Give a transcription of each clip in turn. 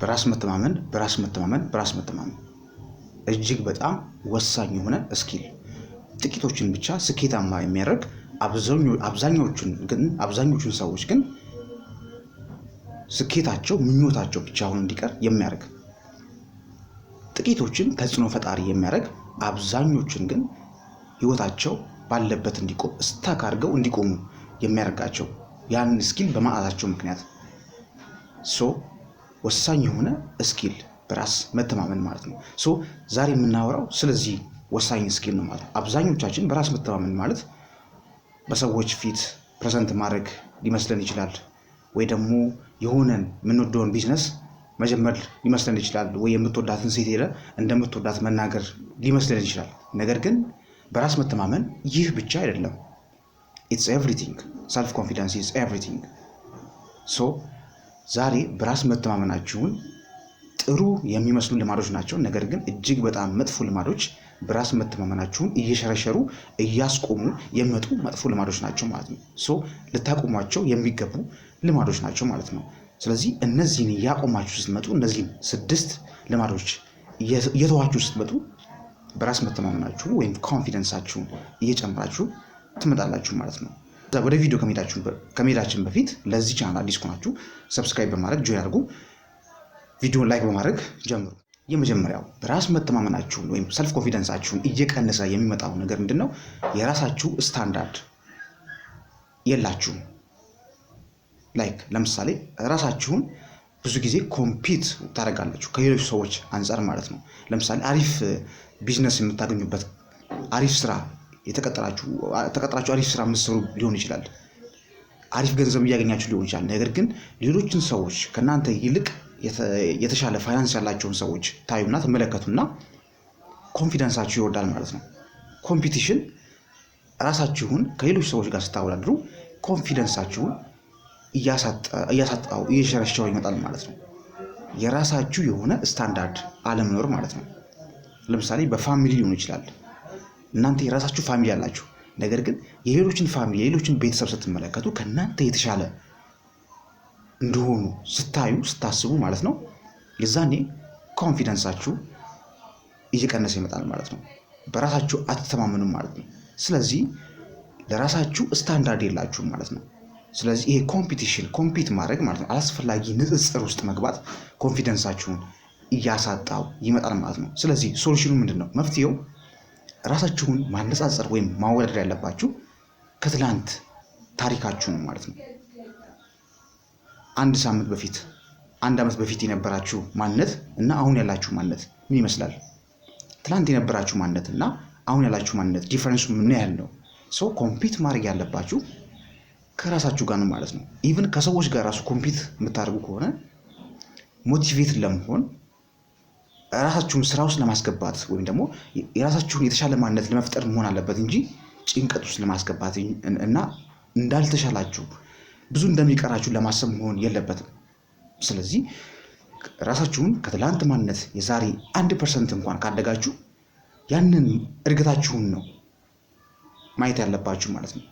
በራስ መተማመን በራስ መተማመን በራስ መተማመን እጅግ በጣም ወሳኝ የሆነ እስኪል ጥቂቶችን ብቻ ስኬታማ የሚያደርግ አብዛኞቹን ግን አብዛኞቹን ሰዎች ግን ስኬታቸው ምኞታቸው ብቻ አሁን እንዲቀር የሚያደርግ ጥቂቶችን ተጽዕኖ ፈጣሪ የሚያደርግ አብዛኞቹን ግን ህይወታቸው ባለበት እንዲቆም እስታክ አድርገው እንዲቆሙ የሚያደርጋቸው ያንን ስኪል በማጣታቸው ምክንያት ሶ ወሳኝ የሆነ ስኪል በራስ መተማመን ማለት ነው። ሶ ዛሬ የምናወራው ስለዚህ ወሳኝ ስኪል ነው ማለት ነው። አብዛኞቻችን በራስ መተማመን ማለት በሰዎች ፊት ፕሬዘንት ማድረግ ሊመስለን ይችላል፣ ወይ ደግሞ የሆነን የምንወደውን ቢዝነስ መጀመር ሊመስለን ይችላል፣ ወይ የምትወዳትን ሴት ሄደ እንደምትወዳት መናገር ሊመስለን ይችላል። ነገር ግን በራስ መተማመን ይህ ብቻ አይደለም። ኢትስ ኤቭሪቲንግ። ሰልፍ ኮንፊደንስ ኤቭሪቲንግ ሶ ዛሬ በራስ መተማመናችሁን ጥሩ የሚመስሉ ልማዶች ናቸው። ነገር ግን እጅግ በጣም መጥፎ ልማዶች በራስ መተማመናችሁን እየሸረሸሩ እያስቆሙ የሚመጡ መጥፎ ልማዶች ናቸው ማለት ነው። ሶ ልታቆሟቸው የሚገቡ ልማዶች ናቸው ማለት ነው። ስለዚህ እነዚህን እያቆማችሁ ስትመጡ፣ እነዚህን ስድስት ልማዶች እየተዋችሁ ስትመጡ በራስ መተማመናችሁ ወይም ኮንፊደንሳችሁን እየጨምራችሁ ትመጣላችሁ ማለት ነው። ወደ ቪዲዮ ከመሄዳችን በፊት ለዚህ ቻናል አዲስ ከሆናችሁ ሰብስክራይብ በማድረግ ጆይን አድርጉ። ቪዲዮን ላይክ በማድረግ ጀምሩ። የመጀመሪያው በራስ መተማመናችሁን ወይም ሰልፍ ኮንፊደንሳችሁን እየቀነሰ የሚመጣው ነገር ምንድን ነው? የራሳችሁ ስታንዳርድ የላችሁም። ላይክ ለምሳሌ ራሳችሁን ብዙ ጊዜ ኮምፒት ታደርጋላችሁ ከሌሎች ሰዎች አንጻር ማለት ነው። ለምሳሌ አሪፍ ቢዝነስ የምታገኙበት አሪፍ ስራ የተቀጠራችሁ አሪፍ ስራ የምትሰሩ ሊሆን ይችላል። አሪፍ ገንዘብ እያገኛችሁ ሊሆን ይችላል። ነገር ግን ሌሎችን ሰዎች ከእናንተ ይልቅ የተሻለ ፋይናንስ ያላቸውን ሰዎች ታዩና ትመለከቱና ኮንፊደንሳችሁ ይወርዳል ማለት ነው። ኮምፒቲሽን ራሳችሁን ከሌሎች ሰዎች ጋር ስታወዳድሩ ኮንፊደንሳችሁን እያሳጣው እየሸረሸው ይመጣል ማለት ነው። የራሳችሁ የሆነ ስታንዳርድ አለመኖር ማለት ነው። ለምሳሌ በፋሚሊ ሊሆን ይችላል እናንተ የራሳችሁ ፋሚሊ አላችሁ። ነገር ግን የሌሎችን ፋሚሊ የሌሎችን ቤተሰብ ስትመለከቱ ከእናንተ የተሻለ እንደሆኑ ስታዩ ስታስቡ ማለት ነው የዛኔ ኮንፊደንሳችሁ እየቀነሰ ይመጣል ማለት ነው። በራሳችሁ አትተማመኑም ማለት ነው። ስለዚህ ለራሳችሁ ስታንዳርድ የላችሁም ማለት ነው። ስለዚህ ይሄ ኮምፒቲሽን ኮምፒት ማድረግ ማለት ነው አላስፈላጊ ንጽጽር ውስጥ መግባት ኮንፊደንሳችሁን እያሳጣው ይመጣል ማለት ነው። ስለዚህ ሶሉሽኑ ምንድን ነው? መፍትሄው ራሳችሁን ማነጻጸር ወይም ማወዳደር ያለባችሁ ከትላንት ታሪካችሁ ነው ማለት ነው። አንድ ሳምንት በፊት አንድ ዓመት በፊት የነበራችሁ ማንነት እና አሁን ያላችሁ ማንነት ምን ይመስላል? ትላንት የነበራችሁ ማንነት እና አሁን ያላችሁ ማንነት ዲፈረንሱ ምን ያህል ነው? ሰው ኮምፒት ማድረግ ያለባችሁ ከራሳችሁ ጋር ነው ማለት ነው። ኢቭን ከሰዎች ጋር ራሱ ኮምፒት የምታደርጉ ከሆነ ሞቲቬት ለመሆን ራሳችሁን ስራ ውስጥ ለማስገባት ወይም ደግሞ የራሳችሁን የተሻለ ማንነት ለመፍጠር መሆን አለበት እንጂ ጭንቀት ውስጥ ለማስገባት እና እንዳልተሻላችሁ ብዙ እንደሚቀራችሁ ለማሰብ መሆን የለበትም። ስለዚህ ራሳችሁን ከትላንት ማንነት የዛሬ አንድ ፐርሰንት እንኳን ካደጋችሁ ያንን እድገታችሁን ነው ማየት ያለባችሁ ማለት ነው።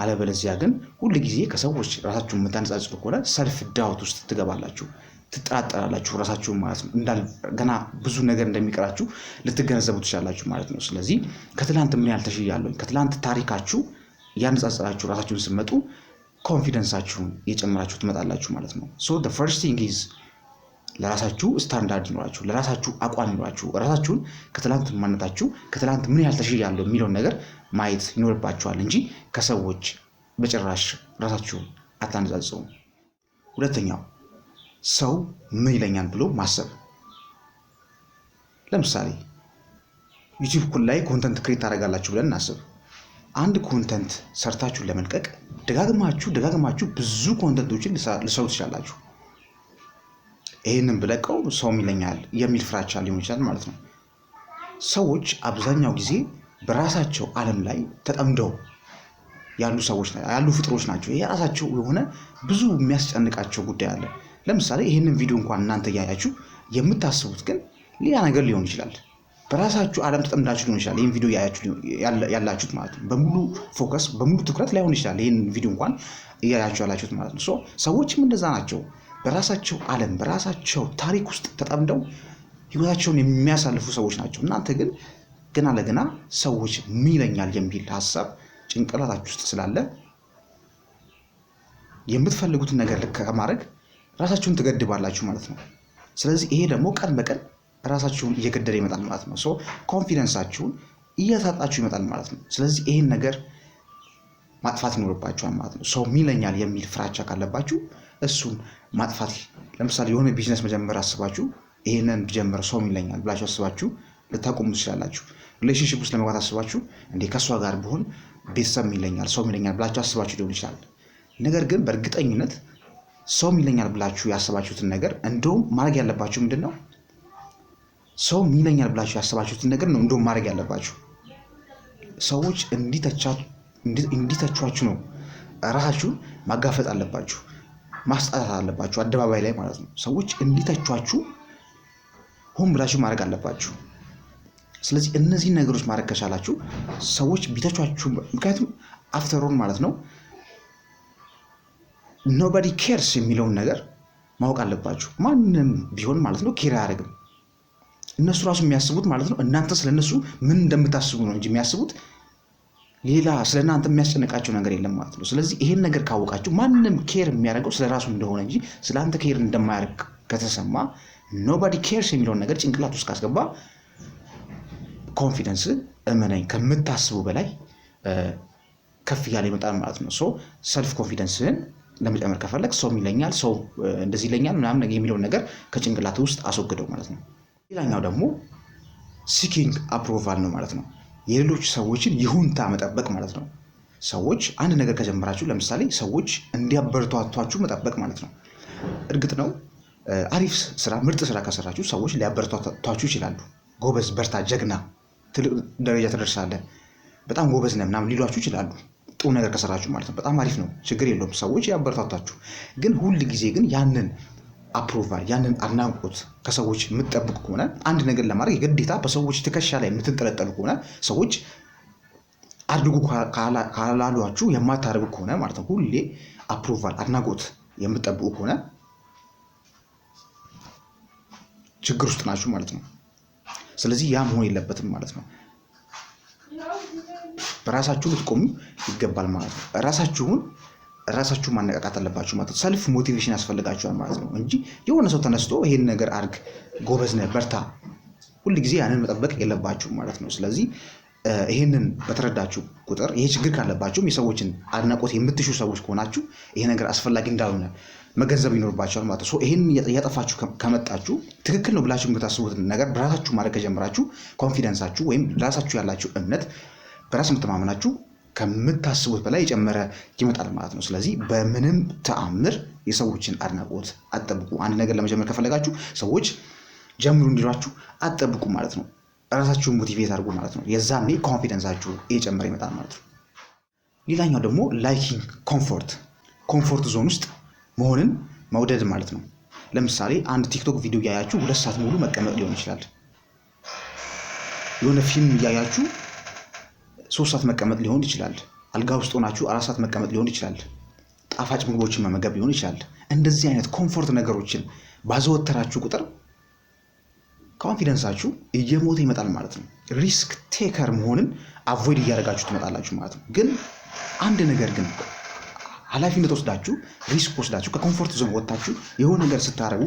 አለበለዚያ ግን ሁል ጊዜ ከሰዎች ራሳችሁን የምታነጻጽሩ ከሆነ ሰልፍ ዳውት ውስጥ ትገባላችሁ። ትጠራጠራላችሁ ራሳችሁን ማለት ነው። ገና ብዙ ነገር እንደሚቀራችሁ ልትገነዘቡ ትችላላችሁ ማለት ነው። ስለዚህ ከትላንት ምን ያህል ተሽያለሁ፣ ከትላንት ታሪካችሁ ያነጻጸራችሁ ራሳችሁን ስትመጡ ኮንፊደንሳችሁን እየጨመራችሁ ትመጣላችሁ ማለት ነው። ሶ ፈርስት ቲንግ ኢዝ ለራሳችሁ ስታንዳርድ ይኖራችሁ፣ ለራሳችሁ አቋም ይኖራችሁ። ራሳችሁን ከትላንት ማነታችሁ ከትላንት ምን ያህል ተሽያለሁ የሚለውን ነገር ማየት ይኖርባችኋል እንጂ ከሰዎች በጭራሽ ራሳችሁን አታነጻጽሩ። ሁለተኛው ሰው ምን ይለኛል ብሎ ማሰብ። ለምሳሌ ዩቲዩብ ላይ ኮንተንት ክሬት ታደርጋላችሁ ብለን እናስብ። አንድ ኮንተንት ሰርታችሁን ለመልቀቅ ደጋግማችሁ ደጋግማችሁ ብዙ ኮንተንቶችን ልሰሩ ትችላላችሁ። ይህንን ብለቀው ሰው ይለኛል የሚል ፍራቻ ሊሆን ይችላል ማለት ነው። ሰዎች አብዛኛው ጊዜ በራሳቸው ዓለም ላይ ተጠምደው ያሉ ሰዎች ያሉ ፍጥሮች ናቸው። የራሳቸው የሆነ ብዙ የሚያስጨንቃቸው ጉዳይ አለ። ለምሳሌ ይህንን ቪዲዮ እንኳን እናንተ እያያችሁ የምታስቡት ግን ሌላ ነገር ሊሆን ይችላል። በራሳችሁ ዓለም ተጠምዳችሁ ሊሆን ይችላል። ይህን ቪዲዮ ያላችሁት ማለት ነው። በሙሉ ፎከስ፣ በሙሉ ትኩረት ላይሆን ይችላል። ይህን ቪዲዮ እንኳን እያያችሁ ያላችሁት ማለት ነው። ሰዎችም እንደዛ ናቸው። በራሳቸው ዓለም በራሳቸው ታሪክ ውስጥ ተጠምደው ህይወታቸውን የሚያሳልፉ ሰዎች ናቸው። እናንተ ግን ገና ለገና ሰዎች ምን ይለኛል የሚል ሀሳብ ጭንቅላታችሁ ውስጥ ስላለ የምትፈልጉትን ነገር ልክ ከማድረግ ራሳችሁን ትገድባላችሁ ማለት ነው። ስለዚህ ይሄ ደግሞ ቀን በቀን ራሳችሁን እየገደለ ይመጣል ማለት ነው። ሶ ኮንፊደንሳችሁን እያሳጣችሁ ይመጣል ማለት ነው። ስለዚህ ይሄን ነገር ማጥፋት ይኖርባችኋል ማለት ነው። ሰው ሚለኛል የሚል ፍራቻ ካለባችሁ እሱን ማጥፋት። ለምሳሌ የሆነ ቢዝነስ መጀመር አስባችሁ ይሄንን ጀምር ሰው ሚለኛል ብላችሁ አስባችሁ ልታቆሙ ትችላላችሁ። ሪሌሽንሽፕ ውስጥ ለመግባት አስባችሁ እንዴ ከእሷ ጋር ብሆን ቤተሰብ ሚለኛል ሰው ሚለኛል ብላችሁ አስባችሁ ሊሆን ይችላል። ነገር ግን በእርግጠኝነት ሰውም ይለኛል ብላችሁ ያሰባችሁትን ነገር እንደውም ማድረግ ያለባችሁ ምንድን ነው? ሰውም ይለኛል ብላችሁ ያሰባችሁትን ነገር ነው እንደውም ማድረግ ያለባችሁ። ሰዎች እንዲተቿችሁ ነው ራሳችሁን ማጋፈጥ አለባችሁ፣ ማስጣታት አለባችሁ፣ አደባባይ ላይ ማለት ነው። ሰዎች እንዲተቿችሁ ሆን ብላችሁ ማድረግ አለባችሁ። ስለዚህ እነዚህን ነገሮች ማድረግ ከቻላችሁ ሰዎች ቢተቿችሁ፣ ምክንያቱም አፍተሮን ማለት ነው ኖባዲ ኬርስ የሚለውን ነገር ማወቅ አለባችሁ። ማንም ቢሆን ማለት ነው ኬር አያደርግም። እነሱ ራሱ የሚያስቡት ማለት ነው እናንተ ስለነሱ ምን እንደምታስቡ ነው እንጂ የሚያስቡት ሌላ ስለ እናንተ የሚያስጨንቃቸው ነገር የለም ማለት ነው። ስለዚህ ይሄን ነገር ካወቃችሁ ማንም ኬር የሚያደርገው ስለ ራሱ እንደሆነ እንጂ ስለ አንተ ኬር እንደማያደርግ ከተሰማ ኖባዲ ኬርስ የሚለውን ነገር ጭንቅላት ውስጥ ካስገባ ኮንፊደንስ እመናኝ ከምታስቡ በላይ ከፍ እያለ ይመጣል ማለት ነው። ሶ ሰልፍ ኮንፊደንስህን ለመጨመር ከፈለግ ሰው ይለኛል፣ ሰው እንደዚህ ይለኛል ምናምን የሚለውን ነገር ከጭንቅላት ውስጥ አስወግደው ማለት ነው። ሌላኛው ደግሞ ሲኪንግ አፕሮቫል ነው ማለት ነው። የሌሎች ሰዎችን ይሁንታ መጠበቅ ማለት ነው። ሰዎች አንድ ነገር ከጀመራችሁ ለምሳሌ ሰዎች እንዲያበረታቷችሁ መጠበቅ ማለት ነው። እርግጥ ነው አሪፍ ስራ፣ ምርጥ ስራ ከሰራችሁ ሰዎች ሊያበረታቷችሁ ይችላሉ። ጎበዝ፣ በርታ፣ ጀግና፣ ትልቅ ደረጃ ትደርሳለህ፣ በጣም ጎበዝ ነህ ምናምን ሊሏችሁ ይችላሉ። ጥሩ ነገር ከሰራችሁ ማለት ነው። በጣም አሪፍ ነው፣ ችግር የለውም። ሰዎች ያበረታታችሁ። ግን ሁል ጊዜ ግን ያንን አፕሮቫል ያንን አድናቆት ከሰዎች የምትጠብቅ ከሆነ አንድ ነገር ለማድረግ የግዴታ በሰዎች ትከሻ ላይ የምትንጠለጠሉ ከሆነ ሰዎች አድርጉ ካላሏችሁ የማታደርጉ ከሆነ ማለት ነው ሁሌ አፕሮቫል አድናቆት የምትጠብቁ ከሆነ ችግር ውስጥ ናችሁ ማለት ነው። ስለዚህ ያ መሆን የለበትም ማለት ነው። በራሳችሁ ልትቆሙ ይገባል ማለት ነው። ራሳችሁን ራሳችሁ ማነቃቃት አለባችሁ ማለት ነው። ሰልፍ ሞቲቬሽን ያስፈልጋችኋል ማለት ነው እንጂ የሆነ ሰው ተነስቶ ይሄን ነገር አድርግ፣ ጎበዝ ነህ፣ በርታ፣ ጊዜ ያንን መጠበቅ የለባችሁ ማለት ነው። ስለዚህ ይህንን በተረዳችሁ ቁጥር ይሄ ችግር ካለባችሁም የሰዎችን አድናቆት የምትሹ ሰዎች ከሆናችሁ ይሄ ነገር አስፈላጊ እንዳልሆነ መገንዘብ ይኖርባቸዋል ማለት ነው። ይህን እያጠፋችሁ ከመጣችሁ ትክክል ነው ብላችሁ የምታስቡትን ነገር በራሳችሁ ማድረግ ከጀመራችሁ ኮንፊደንሳችሁ ወይም ራሳችሁ ያላችሁ እምነት በራስ የምትማመናችሁ ከምታስቡት በላይ የጨመረ ይመጣል ማለት ነው። ስለዚህ በምንም ተአምር የሰዎችን አድናቆት አጠብቁ አንድ ነገር ለመጀመር ከፈለጋችሁ ሰዎች ጀምሩ እንዲሏችሁ አትጠብቁ ማለት ነው። ራሳችሁን ሞቲቬት አድርጉ ማለት ነው። የዛኔ ኮንፊደንሳችሁ እየጨመረ ይመጣል ማለት ነው። ሌላኛው ደግሞ ላይኪንግ ኮምፎርት ኮምፎርት ዞን ውስጥ መሆንን መውደድ ማለት ነው። ለምሳሌ አንድ ቲክቶክ ቪዲዮ እያያችሁ ሁለት ሰዓት ሙሉ መቀመጥ ሊሆን ይችላል። የሆነ ፊልም እያያችሁ ሶስት ሰዓት መቀመጥ ሊሆን ይችላል። አልጋ ውስጥ ሆናችሁ አራት ሰዓት መቀመጥ ሊሆን ይችላል። ጣፋጭ ምግቦችን መመገብ ሊሆን ይችላል። እንደዚህ አይነት ኮምፎርት ነገሮችን ባዘወተራችሁ ቁጥር ኮንፊደንሳችሁ እየሞተ ይመጣል ማለት ነው። ሪስክ ቴከር መሆንን አቮይድ እያደረጋችሁ ትመጣላችሁ ማለት ነው። ግን አንድ ነገር ግን ኃላፊነት ወስዳችሁ ሪስክ ወስዳችሁ ከኮምፎርት ዞን ወጥታችሁ የሆነ ነገር ስታደርጉ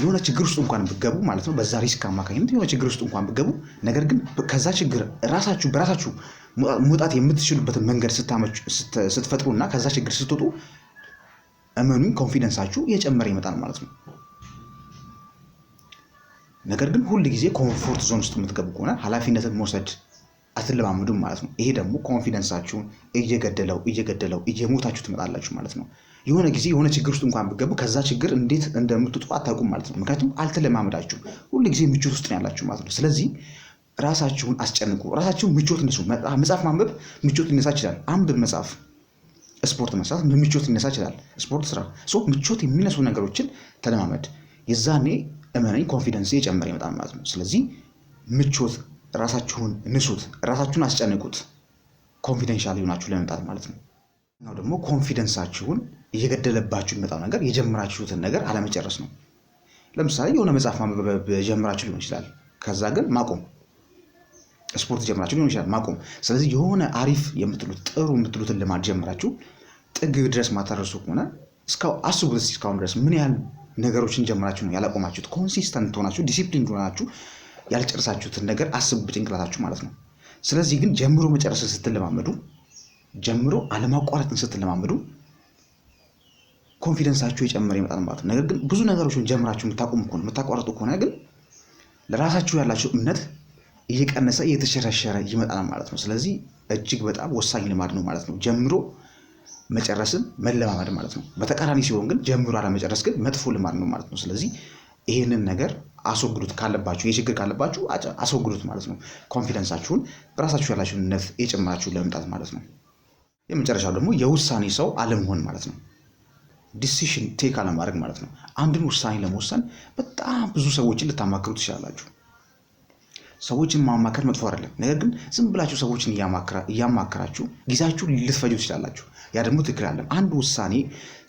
የሆነ ችግር ውስጥ እንኳን ብገቡ ማለት ነው በዛ ሪስክ አማካኝነት የሆነ ችግር ውስጥ እንኳን ብገቡ፣ ነገር ግን ከዛ ችግር ራሳችሁ በራሳችሁ መውጣት የምትችሉበትን መንገድ ስትፈጥሩ እና ከዛ ችግር ስትወጡ እመኑኝ ኮንፊደንሳችሁ እየጨመረ ይመጣል ማለት ነው። ነገር ግን ሁል ጊዜ ኮምፎርት ዞን ውስጥ የምትገቡ ከሆነ ኃላፊነትን መውሰድ አትለማምዱም ማለት ነው። ይሄ ደግሞ ኮንፊደንሳችሁን እየገደለው እየገደለው እየሞታችሁ ትመጣላችሁ ማለት ነው። የሆነ ጊዜ የሆነ ችግር ውስጥ እንኳን ብገቡ ከዛ ችግር እንዴት እንደምትወጡ አታውቁም ማለት ነው። ምክንያቱም አልተለማመዳችሁም። ሁሉ ጊዜ ምቾት ውስጥ ነው ያላችሁ ማለት ነው። ስለዚህ ራሳችሁን አስጨንቁ። ራሳችሁን ምቾት እነሱ መጽሐፍ ማንበብ ምቾት ሊነሳ ይችላል። አንብብ መጽሐፍ። ስፖርት መስራት ምቾት ሊነሳ ይችላል። ስፖርት ስራ። ምቾት የሚነሱ ነገሮችን ተለማመድ። የዛኔ እመነኝ ኮንፊደንስ የጨመረ ይመጣል ማለት ነው። ስለዚህ ምቾት ራሳችሁን ንሱት፣ ራሳችሁን አስጨንቁት። ኮንፊደንሻል ሆናችሁ ለመምጣት ማለት ነው። ደግሞ ኮንፊደንሳችሁን እየገደለባችሁ የሚመጣው ነገር የጀመራችሁትን ነገር አለመጨረስ ነው። ለምሳሌ የሆነ መጽሐፍ ማንበብ ጀምራችሁ ሊሆን ይችላል። ከዛ ግን ማቆም፣ ስፖርት ጀምራችሁ ሊሆን ይችላል ማቆም። ስለዚህ የሆነ አሪፍ የምትሉት ጥሩ የምትሉትን ልማድ ጀምራችሁ ጥግ ድረስ ማታደርሱ ከሆነ አስቡት እስካሁን ድረስ ምን ያህል ነገሮችን ጀምራችሁ ነው ያላቆማችሁት? ኮንሲስተንት ሆናችሁ ዲሲፕሊን ሆናችሁ ያልጨርሳችሁትን ነገር አስቡ ጭንቅላታችሁ ማለት ነው። ስለዚህ ግን ጀምሮ መጨረስን ስትለማመዱ፣ ጀምሮ አለማቋረጥን ስትለማመዱ ኮንፊደንሳችሁ የጨመረ ይመጣል ማለት ነው። ነገር ግን ብዙ ነገሮችን ጀምራችሁ የምታቆሙ ከሆነ የምታቋረጡ ከሆነ ግን ለራሳችሁ ያላችሁ እምነት እየቀነሰ እየተሸረሸረ ይመጣል ማለት ነው። ስለዚህ እጅግ በጣም ወሳኝ ልማድ ነው ማለት ነው። ጀምሮ መጨረስን መለማመድ ማለት ነው። በተቃራኒ ሲሆን ግን ጀምሮ አለመጨረስ ግን መጥፎ ልማድ ነው ማለት ነው። ስለዚህ ይህንን ነገር አስወግዱት ካለባችሁ የችግር ችግር ካለባችሁ አስወግዱት ማለት ነው። ኮንፊደንሳችሁን በራሳችሁ ያላችሁ እምነት የጨመራችሁ ለመምጣት ማለት ነው። የመጨረሻው ደግሞ የውሳኔ ሰው አለመሆን ማለት ነው። ዲሲሽን ቴክ አለማድረግ ማለት ነው። አንድን ውሳኔ ለመወሰን በጣም ብዙ ሰዎችን ልታማክሩ ትችላላችሁ። ሰዎችን ማማከር መጥፎ አይደለም። ነገር ግን ዝም ብላችሁ ሰዎችን እያማከራችሁ ጊዜያችሁ ልትፈጁ ትችላላችሁ። ያ ደግሞ ትክክል አይደለም። አንድ ውሳኔ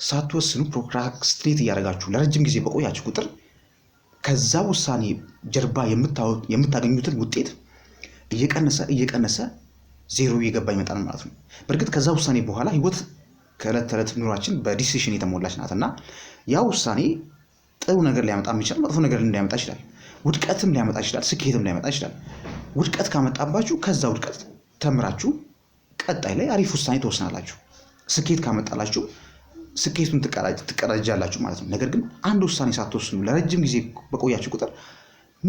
ሳትወስኑ ፕሮክራስትሬት እያደረጋችሁ ለረጅም ጊዜ በቆያችሁ ቁጥር ከዛ ውሳኔ ጀርባ የምታገኙትን ውጤት እየቀነሰ እየቀነሰ ዜሮ እየገባ ይመጣል ማለት ነው። በእርግጥ ከዛ ውሳኔ በኋላ ህይወት ከዕለት ተዕለት ኑሯችን በዲሲሽን የተሞላች ናት እና ያ ውሳኔ ጥሩ ነገር ሊያመጣ የሚችላል መጥፎ ነገር እንዳያመጣ ይችላል፣ ውድቀትም ሊያመጣ ይችላል፣ ስኬትም ሊያመጣ ይችላል። ውድቀት ካመጣባችሁ ከዛ ውድቀት ተምራችሁ ቀጣይ ላይ አሪፍ ውሳኔ ትወስናላችሁ። ስኬት ካመጣላችሁ ስኬቱን ትቀዳጃላችሁ ማለት ነው። ነገር ግን አንድ ውሳኔ ሳትወስኑ ለረጅም ጊዜ በቆያችሁ ቁጥር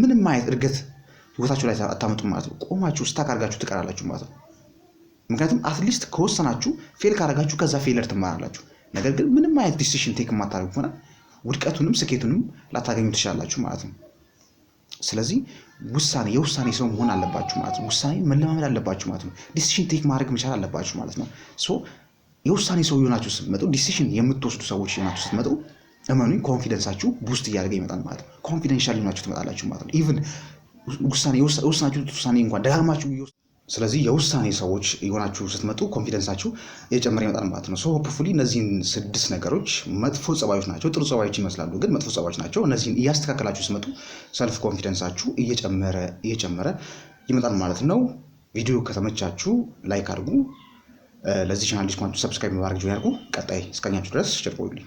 ምንም አይነት እድገት ህይወታችሁ ላይ አታመጡም ማለት ነው። ቆማችሁ ስታክ አድርጋችሁ ትቀራላችሁ ማለት ነው። ምክንያቱም አትሊስት ከወሰናችሁ ፌል ካረጋችሁ ከዛ ፌለር ትማራላችሁ። ነገር ግን ምንም አይነት ዲሲሽን ቴክ የማታደርጉ ከሆነ ውድቀቱንም ስኬቱንም ላታገኙ ትችላላችሁ ማለት ነው። ስለዚህ ውሳኔ የውሳኔ ሰው መሆን አለባችሁ ማለት ነው። ውሳኔ መለማመድ አለባችሁ ማለት ነው። ዲሲሽን ቴክ ማድረግ መቻል አለባችሁ ማለት ነው። የውሳኔ ሰው የሆናችሁ ስትመጡ፣ ዲሲሽን የምትወስዱ ሰዎች የሆናችሁ ስትመጡ እመኑኝ ኮንፊደንሳችሁ ቡስት እያደረገ ይመጣል ማለት ነው። ኮንፊደንሻል የሆናችሁ ትመጣላችሁ ማለት ነው። ኢቭን ውሳኔ የውሳናችሁ ውሳኔ እንኳን ደጋግማችሁ ስለዚህ የውሳኔ ሰዎች የሆናችሁ ስትመጡ ኮንፊደንሳችሁ እየጨመረ ይመጣል ማለት ነው። ሶ ሆፕፉሊ እነዚህን ስድስት ነገሮች መጥፎ ጸባዮች ናቸው። ጥሩ ጸባዮች ይመስላሉ፣ ግን መጥፎ ጸባዮች ናቸው። እነዚህን እያስተካከላችሁ ስትመጡ ሰልፍ ኮንፊደንሳችሁ እየጨመረ እየጨመረ ይመጣል ማለት ነው። ቪዲዮ ከተመቻችሁ ላይክ አድርጉ። ለዚህ ቻናል ዲስኳንቱ ሰብስክራይብ ማድረግ ጆይን አድርጉ። ቀጣይ እስካኛችሁ ድረስ ቸር ቆዩልኝ።